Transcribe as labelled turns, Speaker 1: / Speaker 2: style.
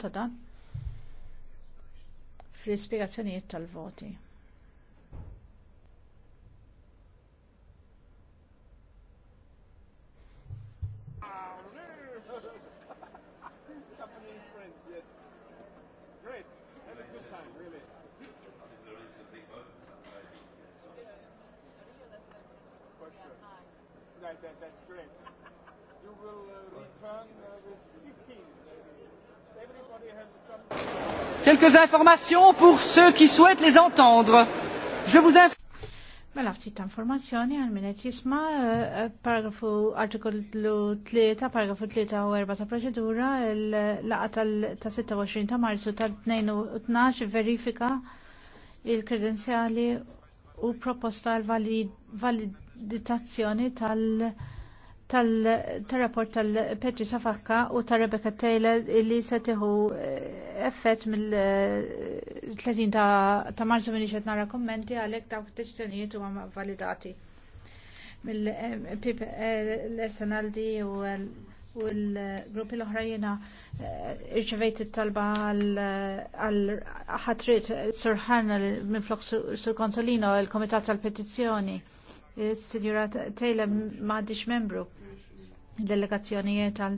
Speaker 1: ta' dan fl-ispjegazzjonijiet tal-voti.
Speaker 2: that, that's
Speaker 3: great. You will uh, return. Uh,
Speaker 4: Quelques informations pour ceux qui souhaitent les entendre. Je vous inf...
Speaker 1: Mela ftit informazzjoni għal minn qed jisma' eh, eh, paragrafu artikolu 3, paragrafu 3 u 4 ta' proċedura l-laqa ta' 26 ta' Marzu tal-12 verifika il-kredenzjali u proposta l-validitazzjoni tal-, -valid tal tal-rapport tal-Petri Safakka u tal-Rebecca Taylor li se tieħu eh, effett mill-30 eh, ta' marzu minni xed nara kommenti għalhekk dawk id-deċiżjonijiet huma validati mill-SNLD eh, u u l-gruppi l oħrajina jena it-talba għal-ħatrit Sir Hanna minn flok Sir Consolino, il-Komitat tal-Petizzjoni Signora Taylor m'għadix membru delegazzjonijiet għal